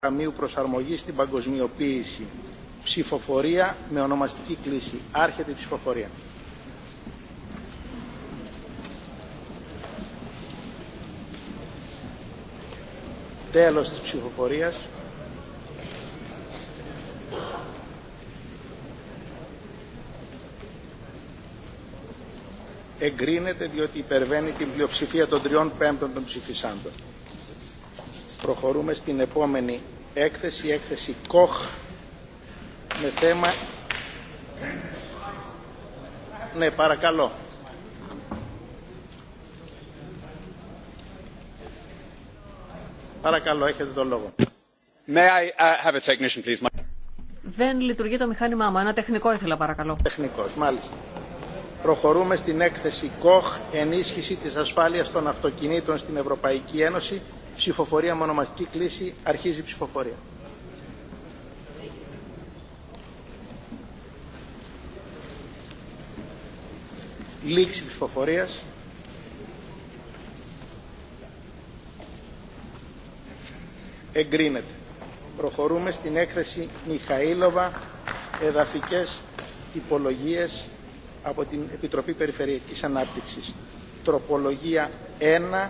Ταμείου Προσαρμογής στην Παγκοσμιοποίηση. Ψηφοφορία με ονομαστική κλίση. Άρχεται η ψηφοφορία. Τέλος της ψηφοφορίας. Εγκρίνεται διότι υπερβαίνει την πλειοψηφία των τριών πέμπτων των ψηφισάντων. Προχωρούμε στην επόμενη έκθεση, έκθεση ΚΟΧ με θέμα... Ναι, παρακαλώ. Παρακαλώ, έχετε τον λόγο. Uh, Δεν λειτουργεί το μηχάνημά μου. Ένα τεχνικό ήθελα, παρακαλώ. Τεχνικός, μάλιστα. Προχωρούμε στην έκθεση ΚΟΧ ενίσχυση της ασφάλειας των αυτοκινήτων στην Ευρωπαϊκή Ένωση. Ψηφοφορία μονομαστική κλίση. Αρχίζει η ψηφοφορία. Λήξη ψηφοφορίας. Εγκρίνεται. Προχωρούμε στην έκθεση Μιχαήλοβα, εδαφικές τυπολογίες από την Επιτροπή Περιφερειακής Ανάπτυξης. Τροπολογία 1,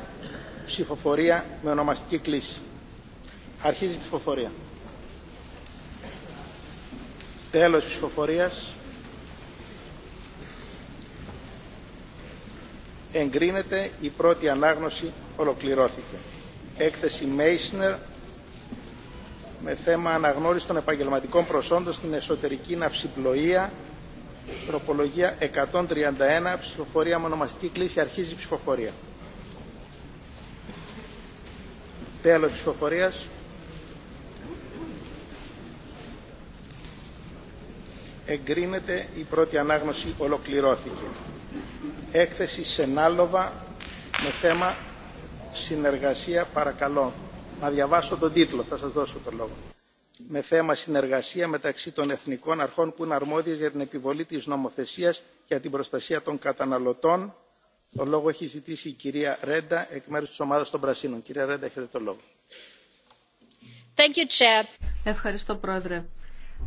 ψηφοφορία με ονομαστική κλίση. Αρχίζει η ψηφοφορία. Τέλος ψηφοφορίας. Εγκρίνεται η πρώτη ανάγνωση ολοκληρώθηκε. Έκθεση Μέισνερ με θέμα αναγνώριση των επαγγελματικών προσόντων στην εσωτερική ναυσιπλοεία Τροπολογία 131. Ψηφοφορία με ονομαστική κλίση. Αρχίζει η ψηφοφορία. Τέλος ψηφοφορίας. Εγκρίνεται η πρώτη ανάγνωση. Ολοκληρώθηκε. Έκθεση Σενάλοβα με θέμα συνεργασία παρακαλώ. Να διαβάσω τον τίτλο. Θα σας δώσω το λόγο με θέμα συνεργασία μεταξύ των εθνικών αρχών που είναι αρμόδιες για την επιβολή της νομοθεσίας για την προστασία των καταναλωτών. Το λόγο έχει ζητήσει η κυρία Ρέντα εκ μέρους της ομάδας των Πρασίνων. Κυρία Ρέντα, έχετε το λόγο. Ευχαριστώ, Πρόεδρε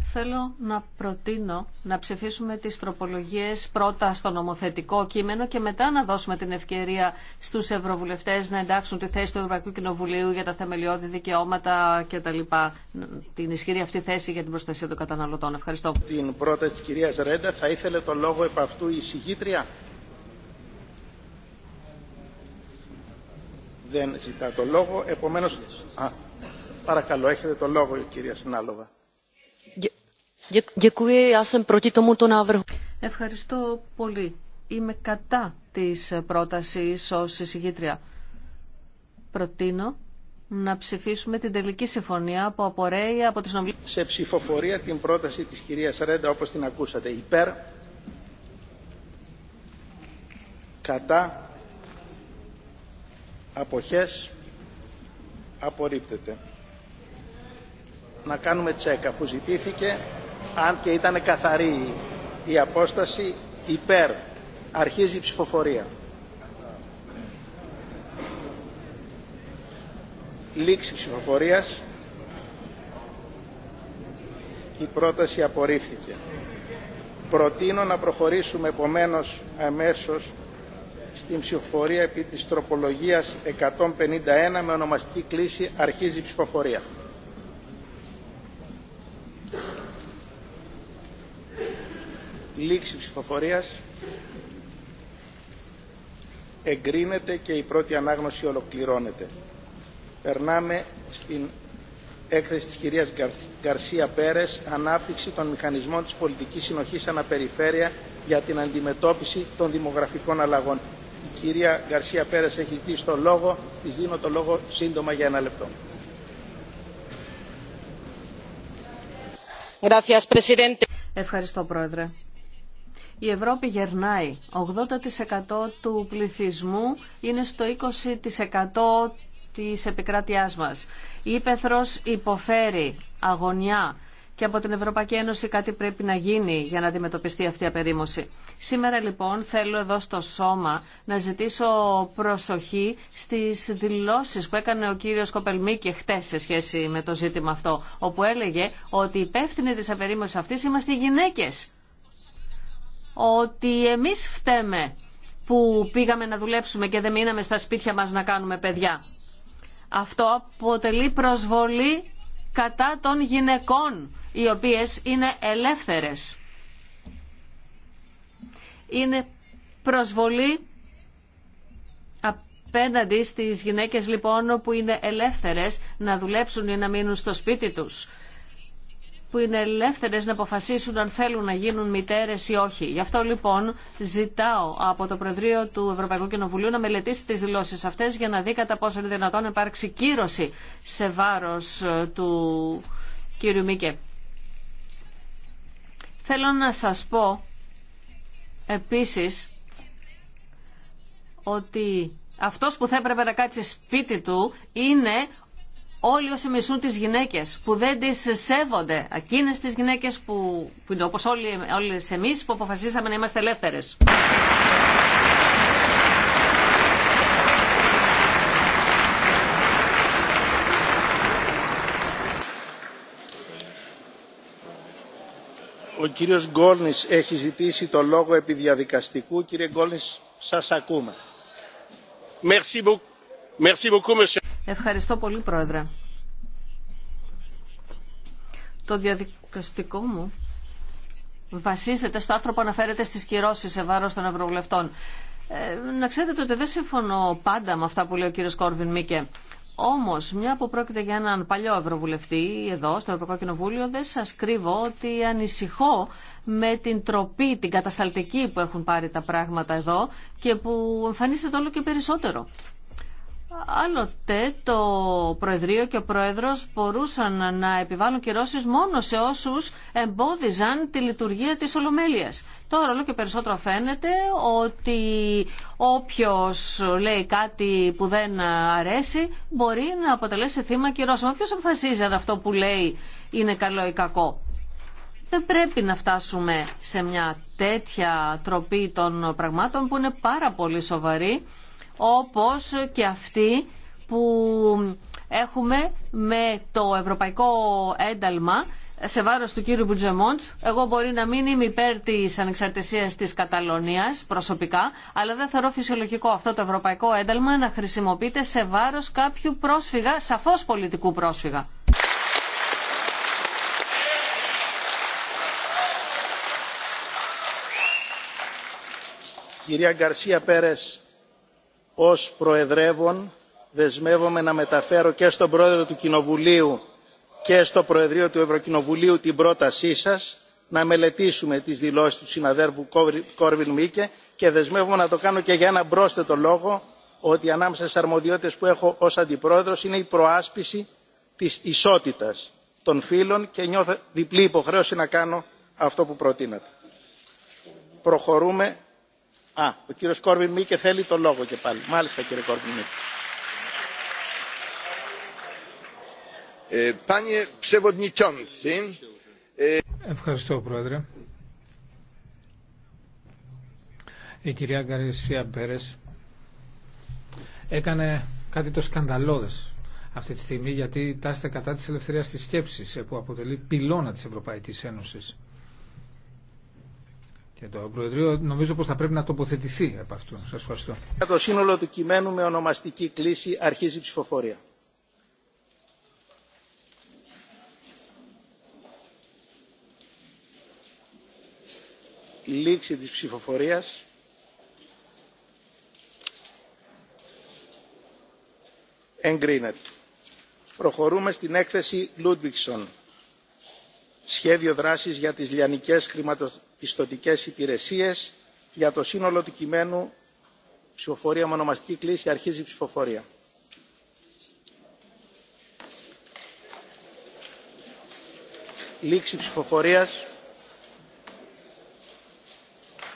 θέλω να προτείνω να ψηφίσουμε τις τροπολογίες πρώτα στο νομοθετικό κείμενο και μετά να δώσουμε την ευκαιρία στους ευρωβουλευτές να εντάξουν τη θέση του Ευρωπαϊκού Κοινοβουλίου για τα θεμελιώδη δικαιώματα λοιπά Την ισχυρή αυτή θέση για την προστασία των καταναλωτών. Ευχαριστώ. Την πρόταση της κυρίας Ρέντα θα ήθελε το λόγο επ' αυτού η συγγήτρια. Δεν ζητά το λόγο, επομένως... Α, παρακαλώ, έχετε το λόγο κυρία Συνάλογα. Ευχαριστώ πολύ. Είμαι κατά της πρότασης ως εισηγήτρια. Προτείνω να ψηφίσουμε την τελική συμφωνία που απορρέει από τις νομιλίες. Σε ψηφοφορία την πρόταση της κυρίας Ρέντα όπως την ακούσατε. Υπέρ, κατά, αποχές, απορρίπτεται να κάνουμε τσέκ αφού ζητήθηκε αν και ήταν καθαρή η απόσταση υπέρ αρχίζει η ψηφοφορία λήξη ψηφοφορίας η πρόταση απορρίφθηκε προτείνω να προχωρήσουμε επομένως αμέσως στην ψηφοφορία επί της τροπολογίας 151 με ονομαστική κλίση αρχίζει η ψηφοφορία λήξη ψηφοφορίας εγκρίνεται και η πρώτη ανάγνωση ολοκληρώνεται. Περνάμε στην έκθεση της κυρίας Γκαρσία Πέρες «Ανάπτυξη των μηχανισμών της πολιτικής συνοχής αναπεριφέρεια για την αντιμετώπιση των δημογραφικών αλλαγών». Η κυρία Γκαρσία Πέρες έχει δει το λόγο. Της δίνω το λόγο σύντομα για ένα λεπτό. Ευχαριστώ, Πρόεδρε η Ευρώπη γερνάει. 80% του πληθυσμού είναι στο 20% της επικράτειάς μας. Η Ήπεθρος υποφέρει αγωνιά και από την Ευρωπαϊκή Ένωση κάτι πρέπει να γίνει για να αντιμετωπιστεί αυτή η απερίμωση. Σήμερα λοιπόν θέλω εδώ στο σώμα να ζητήσω προσοχή στις δηλώσεις που έκανε ο κύριος και χτες σε σχέση με το ζήτημα αυτό, όπου έλεγε ότι υπεύθυνοι της απερίμωσης αυτής είμαστε οι γυναίκες ότι εμείς φταίμε που πήγαμε να δουλέψουμε και δεν μείναμε στα σπίτια μας να κάνουμε παιδιά. Αυτό αποτελεί προσβολή κατά των γυναικών, οι οποίες είναι ελεύθερες. Είναι προσβολή απέναντι στις γυναίκες λοιπόν που είναι ελεύθερες να δουλέψουν ή να μείνουν στο σπίτι τους που είναι ελεύθερες να αποφασίσουν αν θέλουν να γίνουν μητέρες ή όχι. Γι' αυτό λοιπόν ζητάω από το Προεδρείο του Ευρωπαϊκού Κοινοβουλίου να μελετήσει τις δηλώσεις αυτές για να δει κατά πόσο είναι δυνατόν να υπάρξει κύρωση σε βάρος ε, του κύριου Μίκε. Θέλω να σας πω επίσης ότι αυτός που θα έπρεπε να κάτσει σπίτι του είναι όλοι όσοι μισούν τις γυναίκες, που δεν τις σέβονται, εκείνες τις γυναίκες που, που είναι όπως όλοι, όλες εμείς που αποφασίσαμε να είμαστε ελεύθερες. Ο κύριος Γκόλνης έχει ζητήσει το λόγο επί Κύριε Γκόλνης, σας ακούμε. Merci beaucoup. Merci beaucoup, Ευχαριστώ πολύ, Πρόεδρε. Το διαδικαστικό μου βασίζεται στο άνθρωπο που αναφέρεται στις κυρώσεις σε βάρος των Ευρωβουλευτών. Ε, να ξέρετε ότι δεν συμφωνώ πάντα με αυτά που λέει ο κύριος Κόρβιν Μίκε. Όμω, μια που πρόκειται για έναν παλιό Ευρωβουλευτή εδώ στο Ευρωπαϊκό Κοινοβούλιο, δεν σα κρύβω ότι ανησυχώ με την τροπή, την κατασταλτική που έχουν πάρει τα πράγματα εδώ και που εμφανίζεται όλο και περισσότερο. Άλλοτε το Προεδρείο και ο Πρόεδρος μπορούσαν να επιβάλλουν κυρώσεις μόνο σε όσους εμπόδιζαν τη λειτουργία της Ολομέλειας. Τώρα όλο και περισσότερο φαίνεται ότι όποιος λέει κάτι που δεν αρέσει μπορεί να αποτελέσει θύμα κυρώσεων. Ποιος αποφασίζει αν αυτό που λέει είναι καλό ή κακό. Δεν πρέπει να φτάσουμε σε μια τέτοια τροπή των πραγμάτων που είναι πάρα πολύ σοβαρή όπως και αυτή που έχουμε με το ευρωπαϊκό ένταλμα σε βάρος του κύριου Μπουτζεμόντ. Εγώ μπορεί να μην είμαι υπέρ τη ανεξαρτησία της Καταλωνία προσωπικά, αλλά δεν θεωρώ φυσιολογικό αυτό το ευρωπαϊκό ένταλμα να χρησιμοποιείται σε βάρο κάποιου πρόσφυγα, σαφώς πολιτικού πρόσφυγα. Κυρία Γκαρσία Πέρες, ως Προεδρεύων δεσμεύομαι να μεταφέρω και στον Πρόεδρο του Κοινοβουλίου και στο Προεδρείο του Ευρωκοινοβουλίου την πρότασή σας να μελετήσουμε τις δηλώσεις του συναδέρφου Κόρβιν Μίκε και δεσμεύομαι να το κάνω και για έναν πρόσθετο λόγο ότι ανάμεσα στις αρμοδιότητες που έχω ως Αντιπρόεδρος είναι η προάσπιση της ισότητας των φίλων και νιώθω διπλή υποχρέωση να κάνω αυτό που προτείνατε. Προχωρούμε Α, ο κύριος Κόρβιν Μίκε θέλει το λόγο και πάλι. Μάλιστα κύριε Κόρβιν Μίκε. Ε, ε, Ευχαριστώ πρόεδρε. Η κυρία Γκαρισία Μπέρες έκανε κάτι το σκανδαλώδες αυτή τη στιγμή γιατί τάσσεται κατά της ελευθερίας της σκέψης που αποτελεί πυλώνα της Ευρωπαϊκής Ένωσης και το Προεδρείο νομίζω πως θα πρέπει να τοποθετηθεί από αυτό. Σας ευχαριστώ. Για το σύνολο του κειμένου με ονομαστική κλίση αρχίζει η ψηφοφορία. Λήξη της ψηφοφορίας. Εγκρίνεται. Προχωρούμε στην έκθεση Λούντβιξον σχέδιο δράσης για τις λιανικές χρηματοπιστωτικές υπηρεσίες για το σύνολο του κειμένου ψηφοφορία με ονομαστική κλίση αρχίζει η ψηφοφορία. Λήξη ψηφοφορίας.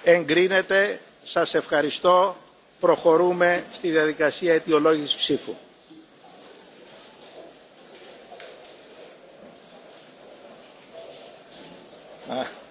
Εγκρίνεται. Σας ευχαριστώ. Προχωρούμε στη διαδικασία αιτιολόγησης ψήφου. Α.